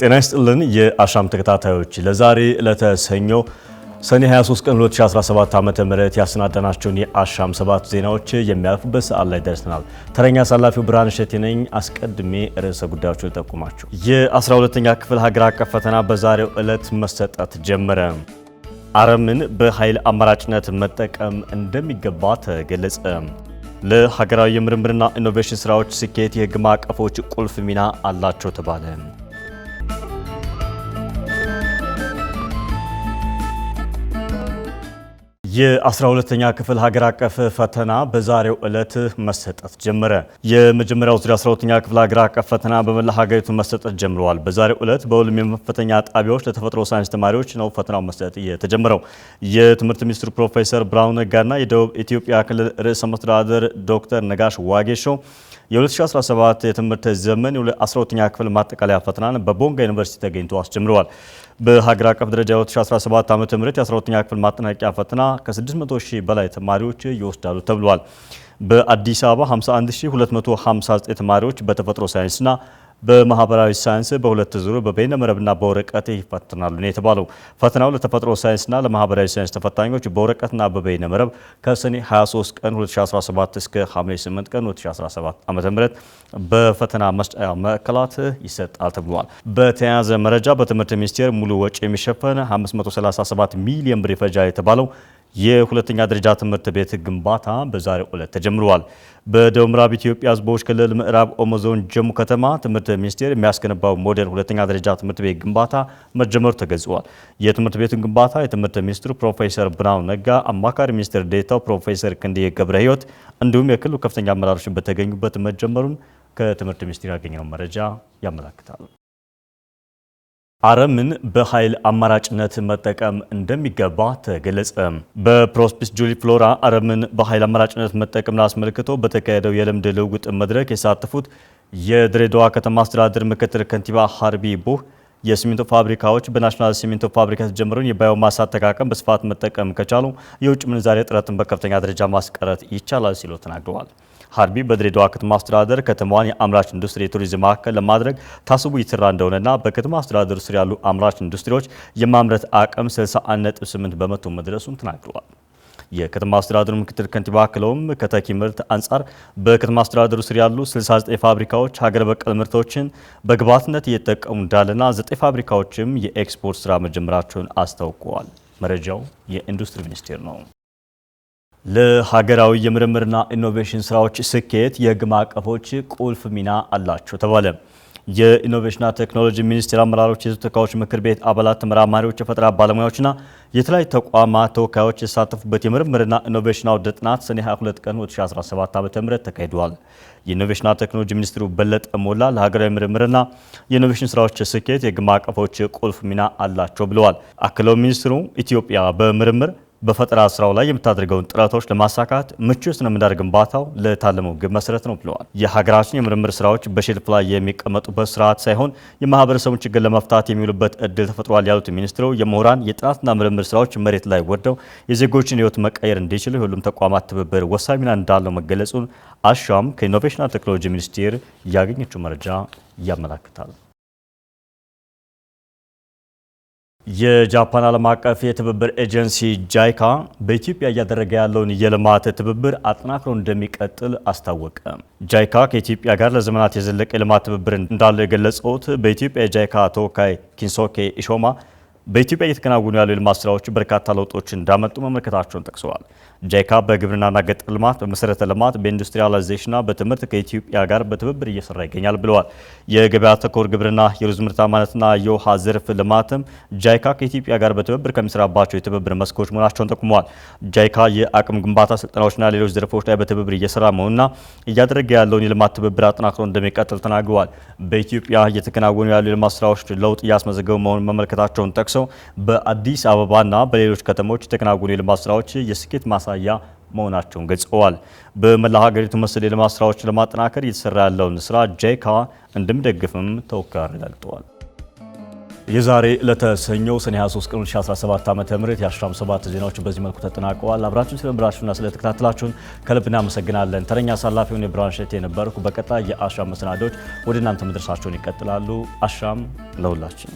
ጤና ይስጥልን የአሻም ተከታታዮች ለዛሬ ለተሰኞ ሰኔ 23 ቀን 2017 ዓ ም ያሰናዳናቸውን የአሻም ሰባት ዜናዎች የሚያልፉበት ሰዓት ላይ ደርሰናል። ተረኛ አሳላፊው ብርሃን እሸቴ ነኝ። አስቀድሜ ርዕሰ ጉዳዮችን ልጠቁማችሁ። የ12ኛ ክፍል ሀገር አቀፍ ፈተና በዛሬው ዕለት መሰጠት ጀመረ። አረምን በኃይል አማራጭነት መጠቀም እንደሚገባ ተገለጸ። ለሀገራዊ የምርምርና ኢኖቬሽን ስራዎች ስኬት የህግ ማዕቀፎች ቁልፍ ሚና አላቸው ተባለ። የ12ተኛ ክፍል ሀገር አቀፍ ፈተና በዛሬው ዕለት መሰጠት ጀመረ። የመጀመሪያው ዙር 12ተኛ ክፍል ሀገር አቀፍ ፈተና በመላ ሀገሪቱ መሰጠት ጀምረዋል። በዛሬው ዕለት በሁሉም የመፈተኛ ጣቢያዎች ለተፈጥሮ ሳይንስ ተማሪዎች ነው ፈተናው መሰጠት የተጀመረው። የትምህርት ሚኒስትሩ ፕሮፌሰር ብርሃኑ ነጋና የደቡብ ኢትዮጵያ ክልል ርዕሰ መስተዳደር ዶክተር ነጋሽ ዋጌሾ የ2017 የትምህርት ዘመን የ12ኛ ክፍል ማጠቃለያ ፈተናን በቦንጋ ዩኒቨርሲቲ ተገኝቶ አስጀምረዋል። በሀገር አቀፍ ደረጃ የ2017 ዓ ም የ12ኛ ክፍል ማጠናቂያ ፈተና ከ600 ሺህ በላይ ተማሪዎች ይወስዳሉ ተብሏል። በአዲስ አበባ 51259 ተማሪዎች በተፈጥሮ ሳይንስና በማህበራዊ ሳይንስ በሁለት ዙር መረብና በወረቀት ይፈትናሉ ነው የተባለው። ፈተናው ለተፈጥሮ ሳይንስና ለማህበራዊ ሳይንስ ተፈታኞች በወረቀትና መረብ ከሰኔ 23 ቀን 2017 እስከ ሐምሌ 8 ቀን 2017 ዓ ም በፈተና መስጫ ማዕከላት ይሰጣል ተብሏል። በተያያዘ መረጃ በትምህርት ሚኒስቴር ሙሉ ወጪ የሚሸፈን 537 ሚሊዮን ብር ይፈጃ የተባለው የሁለተኛ ደረጃ ትምህርት ቤት ግንባታ በዛሬው ዕለት ተጀምሯል። በደቡብ ምዕራብ ኢትዮጵያ ሕዝቦች ክልል ምዕራብ ኦሞ ዞን ጀሙ ከተማ ትምህርት ሚኒስቴር የሚያስገነባው ሞዴል ሁለተኛ ደረጃ ትምህርት ቤት ግንባታ መጀመሩ ተገልጿል። የትምህርት ቤቱን ግንባታ የትምህርት ሚኒስትሩ ፕሮፌሰር ብርሃኑ ነጋ፣ አማካሪ ሚኒስትር ዴታው ፕሮፌሰር ክንዴ ገብረ ህይወት እንዲሁም የክልሉ ከፍተኛ አመራሮች በተገኙበት መጀመሩን ከትምህርት ሚኒስቴር ያገኘው መረጃ ያመለክታል። አረምን በኃይል አማራጭነት መጠቀም እንደሚገባ ተገለጸ። በፕሮስፒስ ጁሊ ፍሎራ አረምን በኃይል አማራጭነት መጠቀምን አስመልክቶ በተካሄደው የልምድ ልውውጥ መድረክ የተሳተፉት የድሬዳዋ ከተማ አስተዳደር ምክትል ከንቲባ ሀርቢ ቡህ የሲሚንቶ ፋብሪካዎች በናሽናል ሲሚንቶ ፋብሪካ የተጀመረውን የባዮማሳ አጠቃቀም በስፋት መጠቀም ከቻሉ የውጭ ምንዛሬ ጥረትን በከፍተኛ ደረጃ ማስቀረት ይቻላል ሲሉ ተናግረዋል። ሀርቢ በድሬዳዋ ከተማ አስተዳደር ከተማዋን የአምራች ኢንዱስትሪ የቱሪዝም ማዕከል ለማድረግ ታስቦ እየተሰራ እንደሆነና በከተማ አስተዳደር ስር ያሉ አምራች ኢንዱስትሪዎች የማምረት አቅም 61.8 በመቶ መድረሱን ተናግረዋል። የከተማ አስተዳደሩ ምክትል ከንቲባ አክለውም ከተኪ ምርት አንጻር በከተማ አስተዳደሩ ስር ያሉ 69 ፋብሪካዎች ሀገር በቀል ምርቶችን በግብዓትነት እየተጠቀሙ እንዳለና 9 ፋብሪካዎችም የኤክስፖርት ስራ መጀመራቸውን አስታውቀዋል። መረጃው የኢንዱስትሪ ሚኒስቴር ነው። ለሀገራዊ የምርምርና ኢኖቬሽን ስራዎች ስኬት የህግ ማዕቀፎች ቁልፍ ሚና አላቸው ተባለ። የኢኖቬሽንና ቴክኖሎጂ ሚኒስቴር አመራሮች፣ የህዝብ ተወካዮች ምክር ቤት አባላት፣ ተመራማሪዎች፣ የፈጠራ ባለሙያዎችና የተለያዩ ተቋማት ተወካዮች የተሳተፉበት የምርምርና ኢኖቬሽን አውደ ጥናት ሰኔ 22 ቀን 2017 ዓ.ም ተካሂደዋል። የኢኖቬሽንና ቴክኖሎጂ ሚኒስትሩ በለጠ ሞላ ለሀገራዊ ምርምርና የኢኖቬሽን ስራዎች ስኬት የህግ ማዕቀፎች ቁልፍ ሚና አላቸው ብለዋል። አክለው ሚኒስትሩ ኢትዮጵያ በምርምር በፈጠራ ስራው ላይ የምታደርገውን ጥረቶች ለማሳካት ምቹ የሥነ ምህዳር ግንባታው ለታለመው ግብ መሰረት ነው ብለዋል። የሀገራችን የምርምር ስራዎች በሼልፍ ላይ የሚቀመጡበት ስርዓት ሳይሆን የማህበረሰቡን ችግር ለመፍታት የሚውሉበት እድል ተፈጥሯል ያሉት ሚኒስትሩ የምሁራን የጥናትና ምርምር ስራዎች መሬት ላይ ወርደው የዜጎችን ህይወት መቀየር እንዲችሉ የሁሉም ተቋማት ትብብር ወሳኝ ሚና እንዳለው መገለጹን አሻም ከኢኖቬሽንና ቴክኖሎጂ ሚኒስቴር ያገኘችው መረጃ ያመላክታል። የጃፓን ዓለም አቀፍ የትብብር ኤጀንሲ ጃይካ በኢትዮጵያ እያደረገ ያለውን የልማት ትብብር አጠናክሮ እንደሚቀጥል አስታወቀ። ጃይካ ከኢትዮጵያ ጋር ለዘመናት የዘለቀ የልማት ትብብር እንዳለው የገለጸውት በኢትዮጵያ የጃይካ ተወካይ ኪንሶኬ ኢሾማ በኢትዮጵያ እየተከናወኑ ያሉ የልማት ስራዎች በርካታ ለውጦች እንዳመጡ መመልከታቸውን ጠቅሰዋል። ጃይካ በግብርናና ገጠር ልማት፣ በመሰረተ ልማት፣ በኢንዱስትሪያላይዜሽንና በትምህርት ከኢትዮጵያ ጋር በትብብር እየሰራ ይገኛል ብለዋል። የገበያ ተኮር ግብርና፣ የሩዝ ምርታማነትና የውሃ ዘርፍ ልማትም ጃይካ ከኢትዮጵያ ጋር በትብብር ከሚሰራባቸው የትብብር መስኮች መሆናቸውን ጠቁመዋል። ጃይካ የአቅም ግንባታ ስልጠናዎችና ሌሎች ዘርፎች ላይ በትብብር እየሰራ መሆኑና እያደረገ ያለውን የልማት ትብብር አጠናክሮ እንደሚቀጥል ተናግረዋል። በኢትዮጵያ እየተከናወኑ ያሉ የልማት ስራዎች ለውጥ እያስመዘገቡ መሆኑን መመልከታቸውን ጠቅሰው መሆናቸው በአዲስ አበባና በሌሎች ከተሞች የተከናወኑ የልማት ስራዎች የስኬት ማሳያ መሆናቸውን ገልጸዋል። በመላ ሀገሪቱ መሰል የልማት ስራዎች ለማጠናከር እየተሰራ ያለውን ስራ ጃይካ እንደሚደግፍም ተወካዩ አረጋግጠዋል። የዛሬ ለተሰኘው ሰኔ 23 ቀን 2017 ዓ ም የ17 ዜናዎች በዚህ መልኩ ተጠናቀዋል። አብራችሁን ስለምብራችሁና ስለተከታተላችሁን ከልብ እናመሰግናለን። ተረኛ አሳላፊውን የብራንሸት የነበርኩ። በቀጣይ የአሻም መሰናዶች ወደ እናንተ መድረሳቸውን ይቀጥላሉ። አሻም ለሁላችን!